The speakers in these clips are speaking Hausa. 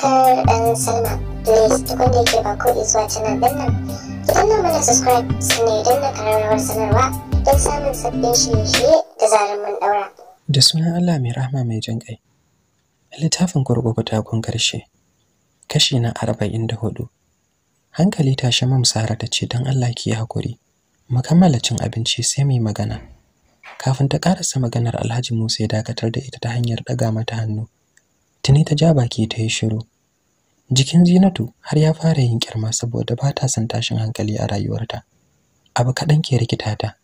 subscribe and sign up. Please ke ba ko subscribe sanarwa don samun sabbin da zarar sunan Allah mai rahama mai jin kai. Littafin gurgurgu ta kun karshe. Kashi na arba'in da hudu. Hankali tashi mamsara ta ce dan Allah ki yi hakuri. Mu kammala cin abinci sai mu yi magana. kafin ta karasa maganar Alhaji Musa ya dakatar da ita ta hanyar daga mata hannu. Tuni ta ja baki ta yi shiru. Jikin Zinatu har ya fara yin kirma saboda ba ta son tashin hankali a rayuwarta. Abu kaɗan ke rikita ta.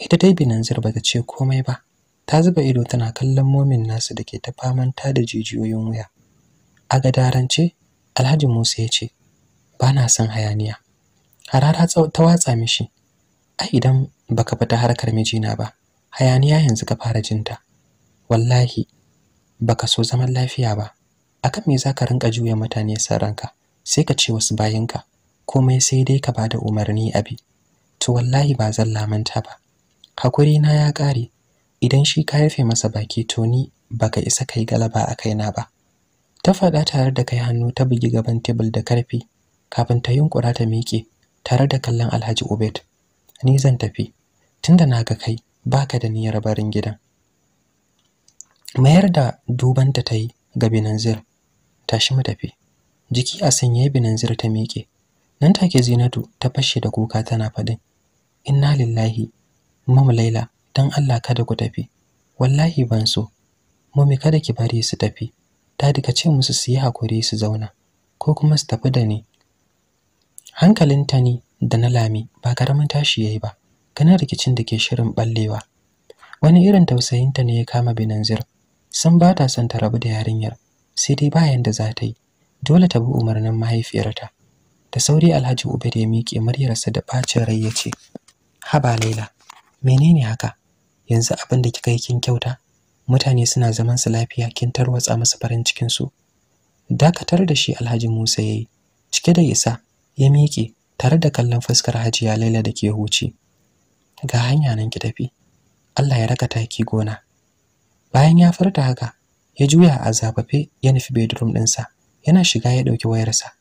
Ita dai Binanzir ba ta ce komai ba. Ta zuba ido tana kallon momin nasu da ke ta faman ta da jijiyoyin wuya. A gadarance, Alhaji Musa ya ce, ba na son hayaniya. Harara ta watsa mishi. Ai idan baka fita harkar mijina ba, hayaniya yanzu ka fara jinta. Wallahi, baka so zaman lafiya ba. akan me ka rinka juya mutane san ranka sai ka ce wasu bayanka, komai sai dai ka bada umarni a abi to wallahi ba zan lamanta ba hakuri na ya ƙare idan shi ka yafe masa baki to ni baka isa kai galaba a kaina ba ta faɗa tare da kai hannu ta bugi gaban tebul da karfi kafin ta yunkura ta miƙe tare da kallon Alhaji Ubed ni zan tafi tunda na ga kai baka da niyyar barin gidan mayar da dubanta ta yi ga binanzir tashi mu tafi jiki a sanye binanzir ta miƙe nan take Zinatu ta fashe da kuka tana faɗin inna lillahi mamu Laila dan Allah kada ku tafi wallahi ban so mami kada ki bari su tafi ta dika ce musu su yi hakuri su zauna ko kuma su tafi da ni hankalin ta ne da na lami ba karamin tashi yayi ba kana rikicin da ke shirin ballewa wani irin tausayinta ne ya kama Binanzir san bata ta son ta rabu da yarinyar sai dai bayan da za ta yi dole ta bi umarnin mahaifiyarta da sauri Alhaji da ya miƙe muryarsa da ɓacin rai ce. haba Laila menene haka yanzu abin da kika yi kin kyauta mutane suna zaman su lafiya kin tarwatsa musu farin cikin su dakatar da shi Alhaji Musa ya yi, cike da isa ya miƙe tare da kallon fuskar Hajiya Laila da ke huce ga hanya nan ki tafi Allah ya raka taki gona bayan ya furta haka ya juya a zafafe ya nufi bedroom ɗinsa yana shiga ya ɗauki wayarsa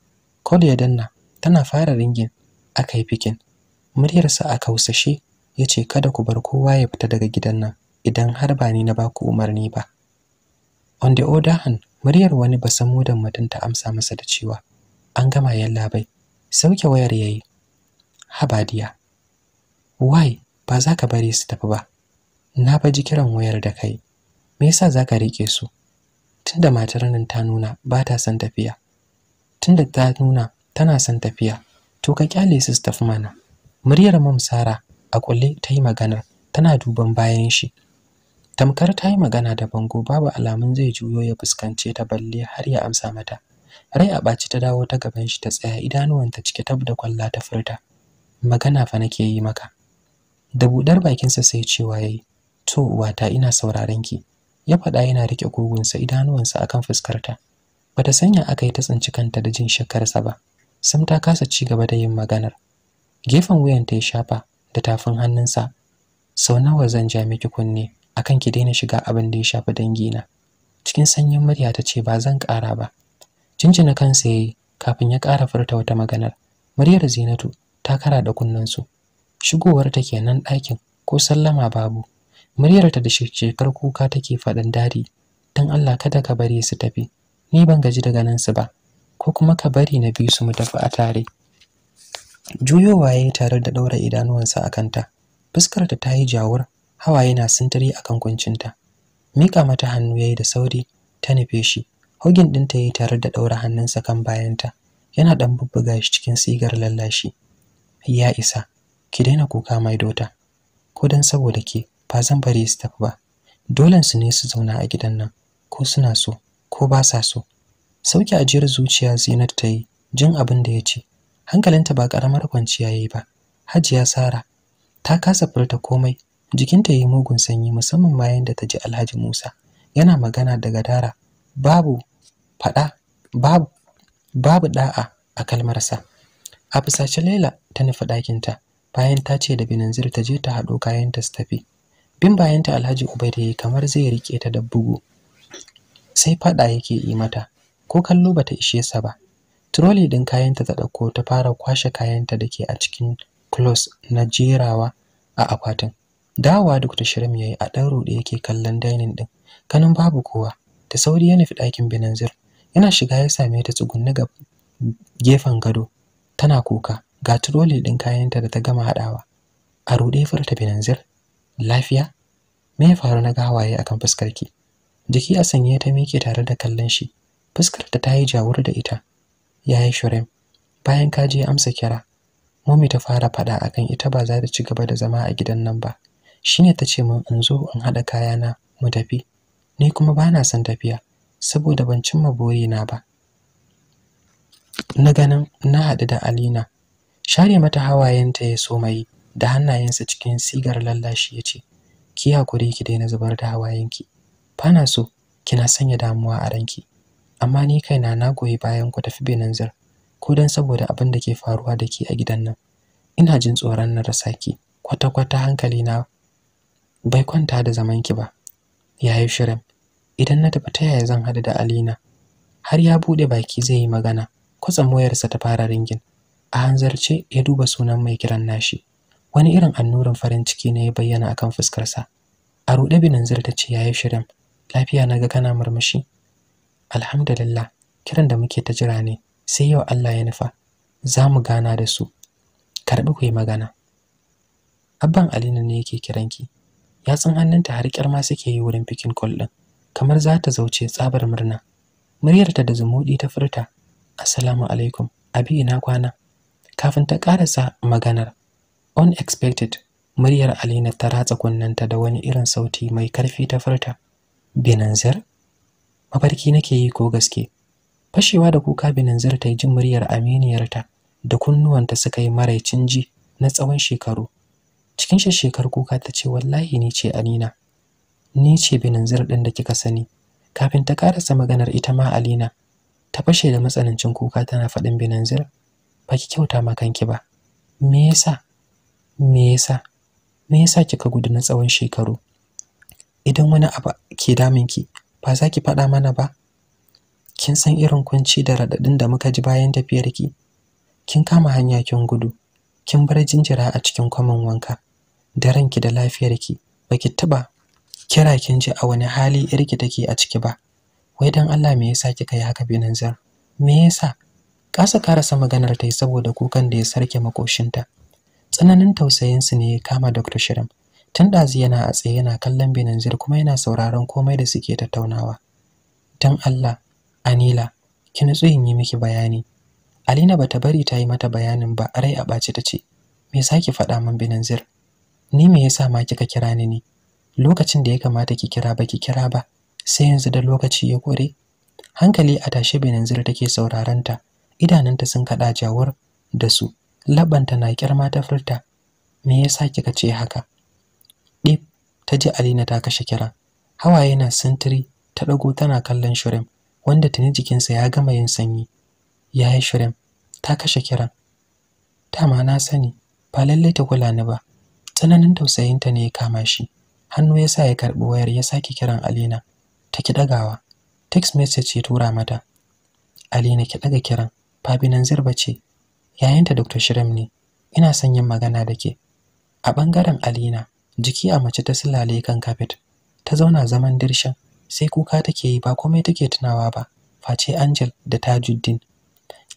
kod ya danna tana fara ringin aka yi fikin muryarsa a kausashe ya ce kada ku bar kowa ya fita daga gidan nan idan har ba ni na ba ku umarni ba on the other hand muryar wani basamudan mutum ta amsa masa da cewa an gama yalla bai sauke wayar yayi habadiya why ba za ka bari su tafi ba na ba ji kiran wayar da kai me yasa za ka rike su tunda matar nan ta nuna ba ta son tafiya tunda ta nuna tana son tafiya to ka kyale su tafi mana muryar mam sara a kulle ta yi magana tana duban bayan shi tamkar ta yi magana da bango babu alamun zai juyo ya fuskance ta balle har ya amsa mata rai a ɓaci ta dawo ta gaban shi ta tsaya idanuwanta cike tab da kwalla ta furta magana fa nake yi maka da buɗar bakinsa sai cewa yayi to uwata ina sauraron ki ya faɗa yana riƙe kugunsa idanuwansa akan fuskarta bata sanya aka yi ta tsinci kanta da jin shakkarsa ba sam ta kasa ci gaba da yin maganar gefen wuyanta ya shafa da tafin hannunsa sau nawa zan ja miki kunne A kan ki daina shiga abin da ya shafi dangina cikin sanyin murya ta ce ba zan ƙara ba jinjina kansa ya yi kafin ya ƙara furta wata maganar muryar zinatu ta kara da kunnensu shigowar ta kenan ɗakin ko sallama babu muryarta da shekar kuka take faɗin dadi dan Allah kada ka bari su tafi ni ban gaji daga nan su ba ko kuma ka bari na bi su mu tafi a tare juyowa yayi tare da ɗaura idanuwansa a kanta ta tayi jawur hawa yana sintiri akan kuncinta mika mata hannu yayi da sauri ta nufe shi hogin ɗinta yayi tare da ɗaura hannunsa kan bayanta yana ɗan bubbuga shi cikin sigar lallashi ya isa ki daina kuka mai dota ko dan saboda ke ba zan bari su tafi ba dolen su ne su zauna a gidan nan ko suna so ko ba sa so sauki ajiyar zuciya Zinat ta yi jin abin da ya ce hankalinta ba karamar kwanciya yi ba Hajiya Sara ta kasa furta komai jikinta yayi mugun sanyi musamman bayan da ta ji Alhaji Musa yana magana daga dara babu fada babu babu da'a a kalmarsa a fusace Laila ta nufi ɗakinta bayan ta ce da Binanzir ta je ta haɗo kayanta su tafi bin bayanta alhaji ya yayi kamar zai rike ta da bugu sai fada yake yi mata ko kallo bata ishe sa ba trolley din kayanta ta dauko ta fara kwashe kayanta dake a cikin close na jerawa a akwatin dawa duk ta shirim yayi a dan rude yake kallon dining din kanin babu kowa ta sauri ya nufi ɗakin binanzir? yana shiga ya same ta tsugunne ga gefen gado tana kuka ga turole din kayanta da ta gama hadawa a rude furta Benanzir lafiya me ya faru na ga hawaye akan fuskarki jiki a sanye ta miƙe tare da kallon shi fuskar ta tayi jawur da ita yayi shurem bayan ka je amsa kira mummy ta fara fada akan ita ba za ta ci gaba da zama a gidan nan ba shine ta ce min in zo in hada kayana mu tafi ni kuma bana son tafiya saboda ban cimma burina ba na ganin na haɗu da Alina share mata hawayenta ya so mai da hannayensa cikin sigar lallashi ya ce ki hakuri ki daina zubar da hawayenki fana so kina sanya damuwa a ranki amma ni kaina na goyi bayan ku tafi Benanzir ko don saboda abin da ke faruwa da ke a gidan nan ina jin tsoron na rasa ki kwata kwata hankali na bai kwanta da zaman ki ba yi shirin idan na tafi ta yaya zan hada da Alina har ya bude baki zai yi magana kwatsam wayarsa ta fara ringin a hanzarce ya duba sunan mai kiran nashi wani irin annurin farin ciki ne ya bayyana akan fuskarsa a ruɗe binanzir ta ce yayi shirin lafiya na naga kana murmushi alhamdulillah kiran da muke ta jira ne sai yau Allah ya nufa za mu gana da su karɓi ku yi magana abban alina ne yake kiranki yatsun hannunta har ma suke yi wurin bikin kol ɗin kamar za ta zauce tsabar murna muryarta da zumuɗi ta furta assalamu alaikum abi ina kwana kafin ta ƙarasa maganar unexpected muryar alina ta ratsa kunnanta da wani irin sauti mai karfi ta furta binanzir mafarki nake yi ko gaske fashewa da kuka binanzir ta yi jin muryar aminiyarta da kunnuwanta suka yi maraicin ji na tsawon shekaru cikin shekar kuka ta ce wallahi ni ce alina ni ce binanzir ɗin da kika sani kafin ta karasa maganar ita ma alina ta fashe da matsanancin kuka tana faɗin binanzir ba ki kyauta ma kanki ba me yasa me yasa me yasa kika gudu na tsawon shekaru idan wani abu ke daminki ba za ki faɗa mana ba kin san irin kunci da raɗaɗin da muka ji bayan tafiyarki kin kama hanya kin gudu kin bar jinjira a cikin kwamin wanka da ranki da lafiyarki baki taɓa? kira kin ji a wani hali irki take a ciki ba wai dan Allah me yasa kika yi haka binan zar me yasa kasa karasa maganar yi saboda kukan da ya sarke makoshinta tsananin tausayin su ne ya kama dr shirin tun ɗazu yana a tsaye yana kallon binanzir kuma yana sauraron komai da suke tattaunawa don allah anila ki nutsu in yi miki bayani alina bata bari ta yi mata bayanin ba rai a ɓace ta ce me ki faɗa min binanzir? ni me yasa ma kika kira ni ne lokacin da ya kamata ki kira ba ki kira ba sai yanzu da lokaci ya kore hankali a tashe benanzir take sauraron ta idanunta sun kaɗa jawar da su labanta na kirma ta furta me yasa kika ce haka dip ta ji Alina ta kashe kira hawaye na sintiri ta dago tana kallon Shurem wanda tuni jikinsa ya gama yin sanyi yayi Shurem ta kashe kiran ma na sani ba lalle ta kula ni ba tsananin tausayinta ne ya kama shi hannu yasa ya karbi wayar ya sake kiran Alina ta ki dagawa text message ya tura mata Alina ki daga kiran Fabinan Zirba ce yayanta Dr. Shirim ne ina son yin magana da ke a bangaren Alina jiki a mace ta sulale kan kafet ta zauna zaman dirshin sai kuka take yi ba komai take tunawa ba face Angel da Tajuddin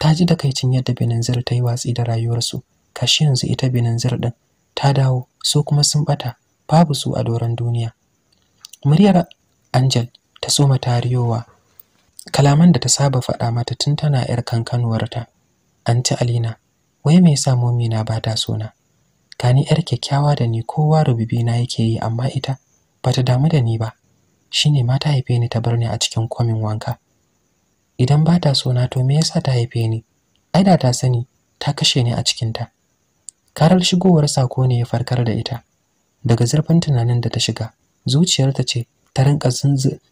ta ji da kaicin yadda Benanzir ta yi watsi da rayuwarsu kashi yanzu ita Benanzir ɗin. ta dawo su kuma sun ɓata, babu su a doron duniya muryar Angel ta soma tariyowa kalaman da ta saba faɗa mata tun tana 'yar kankanuwarta anti Alina wai me yasa momina ba ta so na ni yar kyakkyawa da ni kowa rububi na yake yi amma ita ba ta damu da ni ba shine ma ta haife ni ta bar ni a cikin kwamin wanka idan ba ta so na to me yasa ta haife ni ai da ta sani ta kashe ni a cikin ta karar shigowar sako ne ya farkar da ita daga zurfin tunanin da ta shiga zuciyarta ce ta rinka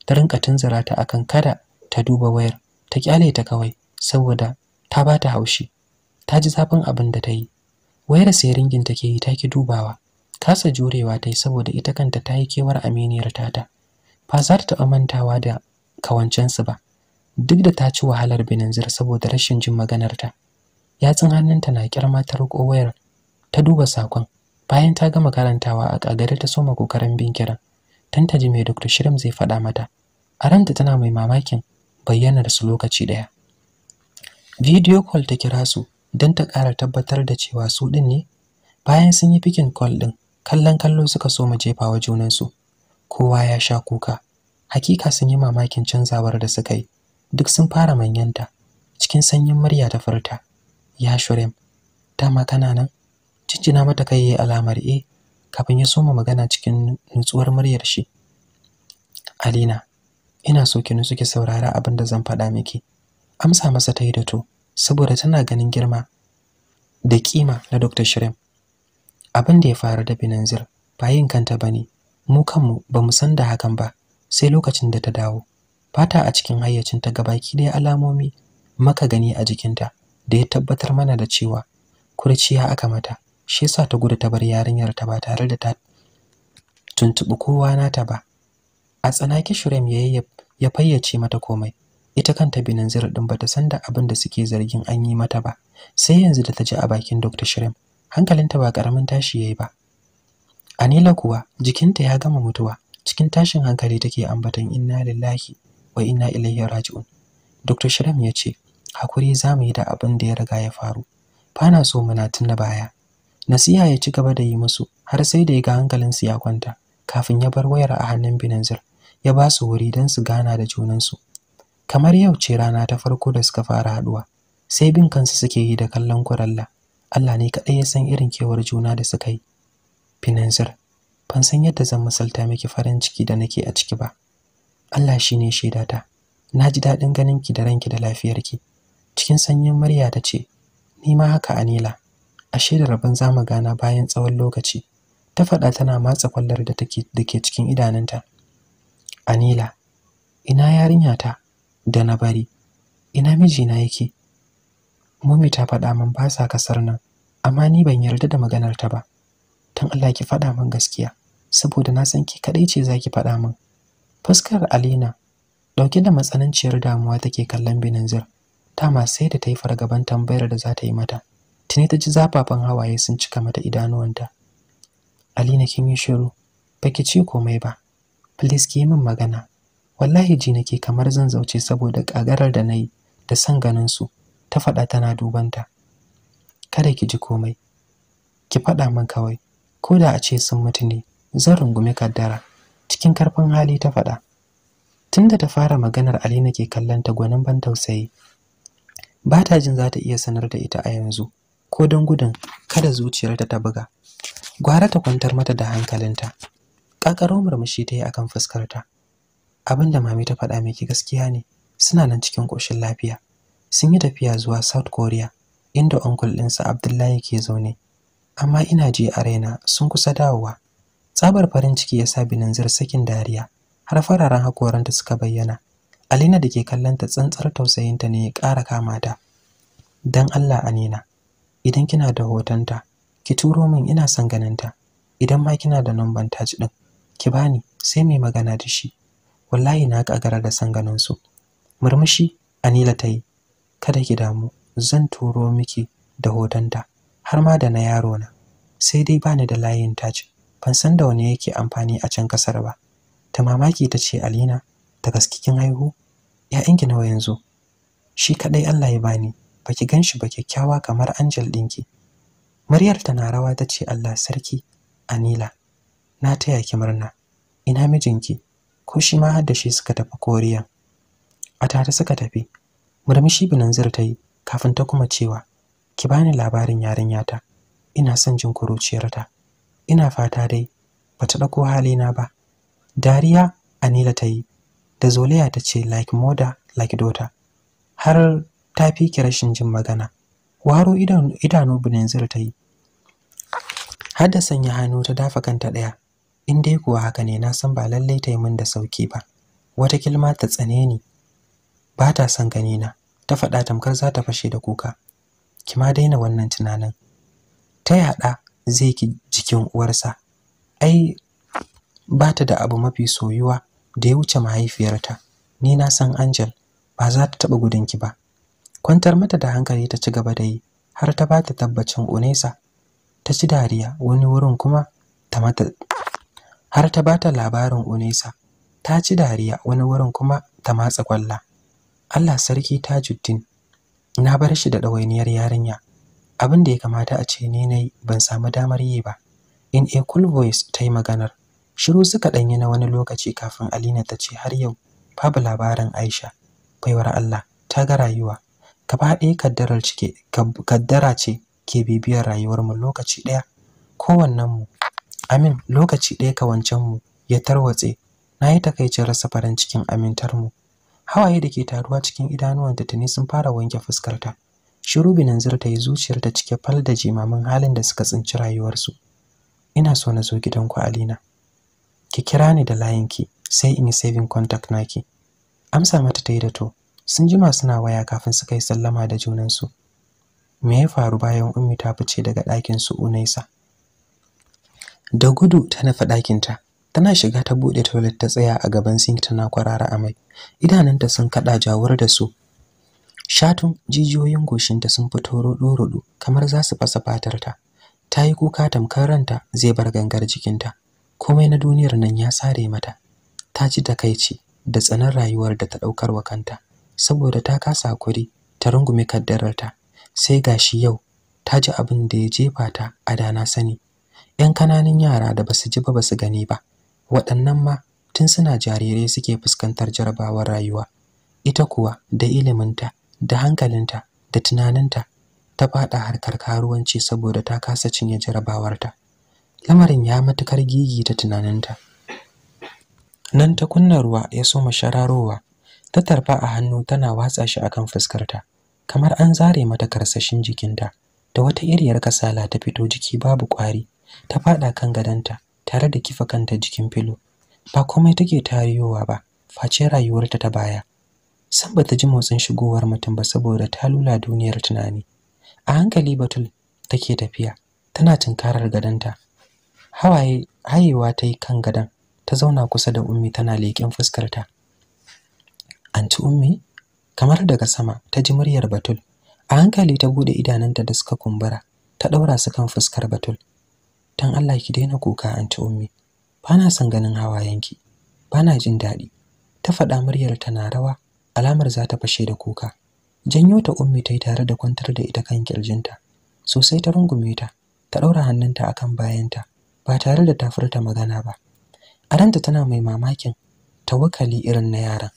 ta rinka tunzura ta akan kada ta duba wayar ta kyale ta kawai saboda ta ba ta haushi ta ji zafin abin da ta yi wayar sai ringin take yi ta dubawa kasa jurewa ta yi saboda ita kanta ta yi kewar aminiyar tata ba za ta taɓa mantawa da kawancensu ba duk da ta ci wahalar zira saboda rashin jin maganarta yatsun hannunta na kirma ta riƙo wayar ta duba sakon bayan ta gama karantawa a kagare ta soma kokarin bin kiran tan ta ji mai Dr. Shirim zai faɗa mata a ranta tana mai mamakin bayyanar su lokaci ɗaya Video call ta kira su don ta ƙara tabbatar da cewa su ɗin ne. Bayan sun yi fikin call ɗin, kallon kallo suka so mu jefawa junansu. Kowa ya sha kuka. Hakika sun yi mamakin canzawar da suka yi. Duk sun fara manyanta. Cikin sanyin murya ta furta. Ya shurem, dama kana nan? Cincina mata kai yayi alamar e kafin ya soma magana cikin nutsuwar muryar shi. Alina, ina so ki nutsu ki saurara abin da zan faɗa miki. Amsa masa ta yi da to. saboda tana ganin girma da kima na Dr. Shirem. Abin da ya faru da Binanzir ba yin kanta bane, mu kanmu ba mu san da hakan ba sai lokacin da ta dawo. Fata a cikin hayyacinta gabaki ya alamomi maka gani a jikinta da ya tabbatar mana da cewa kurciya aka mata, shi yasa ta gudu ta bar yarinyar ta ba tare da ta tuntuɓi kowa nata ba. A tsanaki Shirem ya ya fayyace mata komai ita kanta binanzir din bata san da abin da suke zargin an yi mata ba sai yanzu da ta ji a bakin Dr. Shrimp hankalinta ba karamin tashi yayi ba Anila kuwa jikinta ya gama mutuwa cikin tashin hankali take ambaton inna lillahi wa inna ilaihi raji'un Dr. Shrimp ya ce hakuri mu yi da abin da ya riga ya faru na so muna tuna baya nasiha ya ci gaba da yi musu har sai da ya ga hankalinsu ya kwanta kafin ya bar wayar a hannun Binanzir ya ba su wuri don su gana da junansu. kamar yau ce rana ta farko da suka fara haduwa sai bin kansu suke yi da kallon kuralla Allah ne kaɗai ya san irin kewar juna da suka yi finanzir ban san yadda zan masalta miki farin ciki da nake a ciki ba Allah shine shaidata na ji daɗin ganin ki da ranki da lafiyarki cikin sanyin murya ta ce ni ma haka anila ashe da rabon zamu gana bayan tsawon lokaci ta faɗa tana matsa kwallar da take da ke cikin idanunta anila ina yarinya ta da na bari ina mijina yake Mummy ta faɗa min ba sa kasar nan amma ni ban yarda da maganar ta ba tun Allah ki faɗa min gaskiya saboda na san ki kadai ce zaki faɗa min fuskar Alina dauke da matsananciyar damuwa take kallon Binanzir ma sai da ta yi fargaban tambayar da za ta yi mata tuni ta ji zafafan hawaye sun cika mata idanuwanta Alina kin yi shiru baki ci komai ba please ki yi min magana wallahi ji nake kamar zan zauce saboda kagarar da nayi da san ganin su ta faɗa tana dubanta kada ki ji komai ki faɗa min kawai ko da a ce sun mutu ne zan rungumi kaddara cikin karfin hali ta faɗa tunda ta fara maganar Ali nake kallon ta gwanin ban tausayi ba ta jin za ta iya sanar da ita a yanzu ko don gudun kada zuciyarta ta buga gwara ta kwantar mata da hankalinta ƙaƙaro murmushi ta yi akan fuskarta abin da mami ta faɗa miki gaskiya ne suna nan cikin ƙoshin lafiya sun yi tafiya zuwa south korea inda onkul ɗinsa abdullahi ke zaune amma ina ji a raina sun kusa dawowa tsabar farin ciki ya sa binanzir sakin dariya har fararen hakoranta suka bayyana alina da ke kallon ta tsantsar tausayinta ne ya ƙara kama ta don allah anina idan kina da hotonta ki turo min ina son ganinta idan ma kina da numban ci ɗin ki bani sai mai magana da shi wallahi na kagara da san ganin su murmushi anila ta kada ki damu zan turo miki da ta har ma da na yaro na sai dai bani da layin taci ban san da wani yake amfani a can kasar ba ta mamaki ta ce alina da gaskikin haihu ‘ya'yanki nawa yanzu shi kadai Allah ya bani baki ganshi ba kyakkyawa kamar angel ɗinki muryar ta na rawa ta ce Allah sarki Anila na taya ki murna ina mijinki ko shi ma har da shi suka tafi koriya a tare suka tafi murmushi binanzir ta yi kafin ta kuma cewa ki bani labarin yarinyata ina son jin kuruciyarta ina fata dai ba bata ɗauko halina ba dariya anila ta yi da zolaya ta ce like mother like daughter har ta fi ki rashin jin magana waro idanu binanzir ta yi har da sanya hannu ta dafa kanta ɗaya in dai kuwa haka ne na san ba lallai ta yi min da sauki ba wata kilma ta tsane ni ba ta son gani na ta faɗa tamkar za ta fashe da kuka ki ma daina wannan tunanin ta yaɗa zai ki jikin uwarsa ai ba ta da abu mafi soyuwa da ya wuce mahaifiyarta ni na san Angel ba za ta taɓa gudunki ba kwantar mata da hankali ta ci gaba da yi har ta ba ta tabbacin Unesa ta ci dariya wani wurin kuma ta mata har ta bata labarin Unesa. Ta ci dariya wani wurin kuma ta matsa kwalla. Allah sarki Tajuddin. Na bar shi da ɗawainiyar yarinya. Abin da ya kamata a ce ne nayi ban samu damar yi ba. In a cool voice ta yi maganar. Shiru suka yi na wani lokaci kafin Alina ta ce har yau babu labarin Aisha. Baiwar Allah ta ga rayuwa. Gaba ɗaya kaddarar kaddara ce ke bibiyar rayuwarmu lokaci ɗaya. mu. amin lokaci ɗaya ka wancan mu ya tarwatse na yi takaicin rasa farin cikin amintarmu hawaye da ke taruwa cikin ta tuni sun fara wanke fuskarta shiru nan ta yi zuciyar ta cike fal da jimamin halin da suka tsinci rayuwarsu ina so na zo gidan ku, alina ki kira ni da layinki sai in yi saving contact naki amsa mata ta yi da to sun jima suna waya kafin suka yi sallama da junansu me ya faru bayan ummi ta fice daga ɗakin su unaisa da gudu ta nufi ɗakinta tana shiga ta buɗe toilet ta tsaya a gaban sink tana kwarara amai idanunta sun kaɗa jawar da su shatun jijiyoyin goshinta sun fito roɗo-roɗo kamar za su fasa fatar ta Ta yi kuka tamkar ranta zai bar gangar jikinta komai na duniyar nan ya sare mata ta ji takaici da tsanan rayuwar da ta ɗaukar wa kanta saboda ta kasa hakuri ta rungume kaddararta sai gashi yau ta ji abin da ya jefa ta a dana sani 'yan kananan yara da basu ji ba basu gani ba waɗannan ma tun suna jarirai suke fuskantar jarabawar rayuwa ita kuwa da iliminta da hankalinta da tunaninta ta faɗa harkar karuwanci saboda ta kasa cinye jarabawarta lamarin ya matukar gigi ta tunaninta nan ta kunna ruwa ya soma shararowa ta tarfa a hannu tana watsa shi akan fuskarta kamar an zare mata karsashin jikinta da wata iriyar kasala ta fito jiki babu kwari ta faɗa kan gadonta tare da kifa kanta jikin filo ba komai take tariyowa ba face rayuwarta ta baya san bata ji motsin shigowar mutum ba saboda ta lula duniyar tunani a hankali batul take tafiya tana tinkarar gadonta hawaye hayewa ta yi kan gadon ta zauna kusa da ummi tana leƙen fuskarta anti ummi kamar daga sama ta ji muryar batul a hankali ta bude idananta da suka kumbura ta daura su kan fuskar batul dan Allah ki daina kuka anti ummi Ba na son ganin hawayenki na jin daɗi ta faɗa muryar na rawa alamar za ta fashe da kuka janyo ta ummi ta yi tare da kwantar da ita kan kirjinta sosai ta rungume ta ta ɗaura hannunta akan bayanta ba tare da ta magana ba a ranta tana mai mamakin ta wakali irin na yaran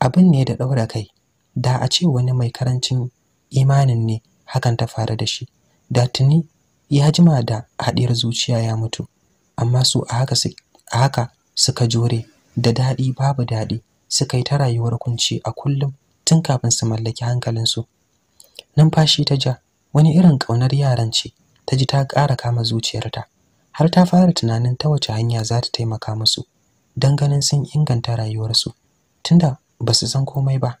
abin ne da ɗaura kai da a ce wani mai karancin imanin ne hakan ta faru da shi da tuni ya jima da haɗiyar zuciya ya mutu amma su a haka a haka suka jure da daɗi babu daɗi suka yi ta rayuwar kunci a kullum tun kafin su mallaki hankalinsu numfashi ta ja wani irin ƙaunar yaran ce ta ji ta ƙara kama zuciyarta har ta fara tunanin ta wace hanya za ta taimaka musu don ganin sun inganta rayuwarsu tunda ba su san komai ba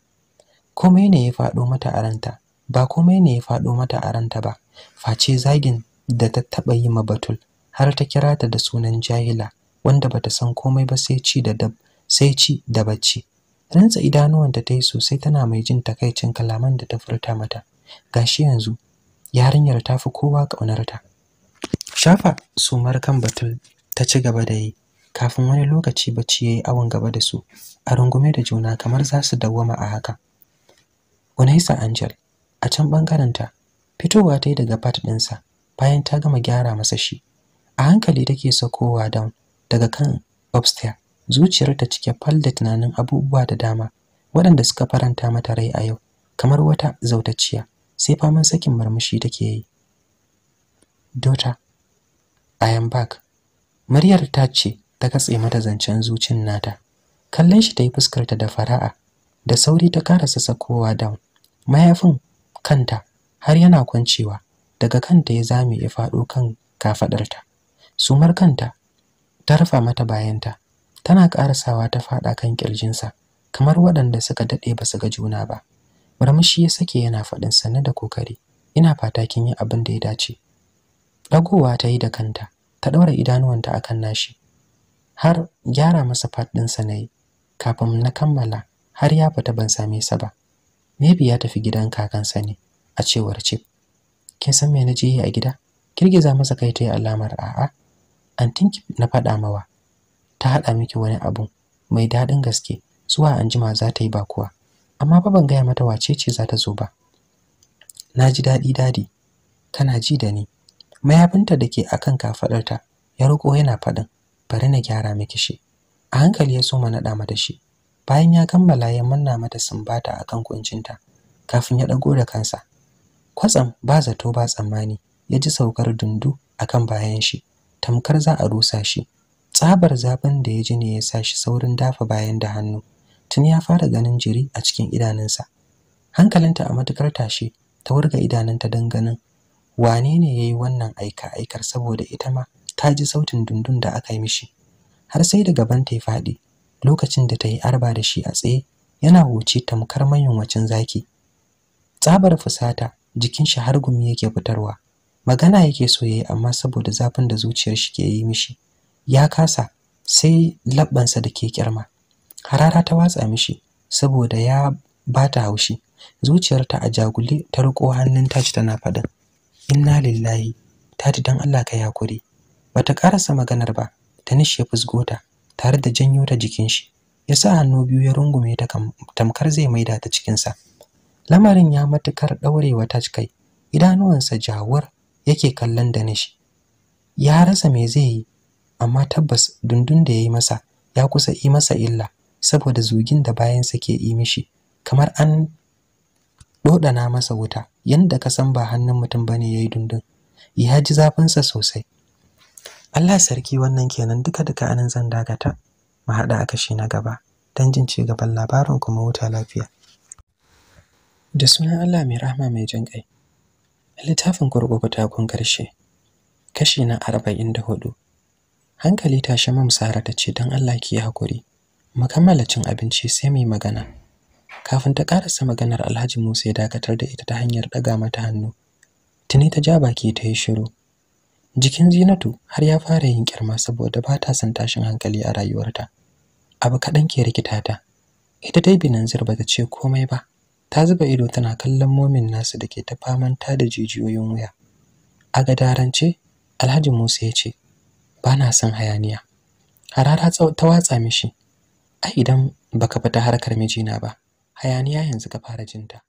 komai ne ya faɗo mata a ranta ba komai ne ya faɗo mata a ranta ba face zagin da ta taɓa yi ma Batul har ta kira ta da sunan jahila wanda bata san komai ba sai ci da dab sai ci da bacci rantsa idanuwanta ta yi sosai tana mai jin takaicin kalaman da ta furta mata gashi yanzu yarinyar ta fi kowa ƙaunarta shafa sumar kan Batul ta ci gaba da yi kafin wani lokaci bacci yayi awon gaba da su a rungume da juna kamar za su dawwama a haka Unaisa Angel a can bangaren ta fitowa ta yi daga fat ɗinsa bayan ta gama gyara masa shi a hankali take sakowa down daga kan upstairs zuciyarta cike fal da tunanin abubuwa da dama waɗanda suka faranta mata rai a yau kamar wata zautacciya sai faman sakin marmushi take yi daughter i am back maryar ta ce ta katse mata zancen zucin nata kallon shi ta yi fuskarta da fara'a da sauri ta karasa sakowa down mayafin kanta har yana kwancewa daga kanta ya zame ya faɗo kan kafaɗarta sumar kanta ta rufa mata bayanta tana ƙarasawa ta faɗa kan ƙirjinsa kamar waɗanda suka daɗe ba su ga juna ba murmushi ya sake yana faɗin sannu da kokari ina fata kin yi abin da ya dace ɗagowa ta yi da kanta ta ɗaura idanuwanta a kan nashi har gyara masa faɗinsa na yi kafin na kammala har ya fita ban same sa ba maybe ya tafi gidan kakansa ne a cewar chip kin san me na je yi a gida girgiza masa kai ta yi alamar a'a antinki na faɗa mawa ta haɗa miki wani abu mai daɗin gaske zuwa anjima za ta yi bakuwa amma fa ban gaya mata wace ce za ta zo ba na ji daɗi dadi kana ji da ni mayafinta da ke akan ta ya riko yana faɗin bari na gyara miki shi a hankali ya soma naɗa mata shi bayan ya kammala ya manna mata sumbata akan kuncinta kafin ya ɗago da kansa kwatsam ba zato ba tsammani ya ji saukar dundu a kan bayan shi tamkar za a rusa shi tsabar zafin da ya ji ne ya sa shi saurin dafa bayan da hannu tun ya fara ganin jiri a cikin idanunsa hankalinta a matukar tashe ta wurga idanunta don ganin wane ne ya yi wannan aika-aikar saboda ita ma ta ji sautin dundun da aka yi mishi har sai da gaban ta ya faɗi lokacin da ta yi arba da shi a tsaye yana wuce tamkar mayunwacin zaki tsabar fusata jikin shi har gumi yake fitarwa magana yake so yayi amma saboda zafin da zuciyar shi ke yi mishi ya kasa sai labbansa da ke kirma harara ta watsa mishi saboda ya bata haushi zuciyarta a jagule ta riko hannun taci tana faɗin inna lillahi tati dan Allah ka yakuri bata karasa maganar ba ta nishe fusgota tare da janyo ta jikin shi ya sa hannu biyu ya rungume ta tamkar zai maida ta cikinsa lamarin ya matukar ɗaurewa taj kai idanuwansa jawar yake kallon da shi, ya rasa me zai yi amma tabbas dundun da ya yi masa ya kusa yi masa illa saboda zugin da bayansa ke yi mishi kamar an ɗoɗana masa wuta yanda ka san ba hannun mutum bane yayi dundun ya ji zafinsa sosai Allah sarki wannan kenan duka duka anan zan dagata mu hada a kashi na gaba dan jin ci gaban labarin kuma wuta lafiya da sunan Allah mai rahama mai jin ƙai. Littafin kurkuku kun ƙarshe, kashi na arba'in da hudu. Hankali tashe mam Sara ta ce don Allah ki ya haƙuri, mu kammala cin abinci sai mu yi magana. Kafin ta ƙarasa maganar Alhaji Musa ya dakatar da ita ta hanyar ɗaga mata hannu. Tuni ta ja baki ta yi shiru. Jikin Zinatu har ya fara yin kirma saboda ba ta son tashin hankali a rayuwarta. Abu kaɗan ke rikita ta. Ita dai binan zirba ta ce komai ba. ta zuba ido tana kallon momin nasu da ke ta faman da jijiyoyin wuya a gadarance alhaji musa ya ce ba na son hayaniya harara ta watsa mishi ai idan baka fita harkar mijina ba hayaniya yanzu ka fara jinta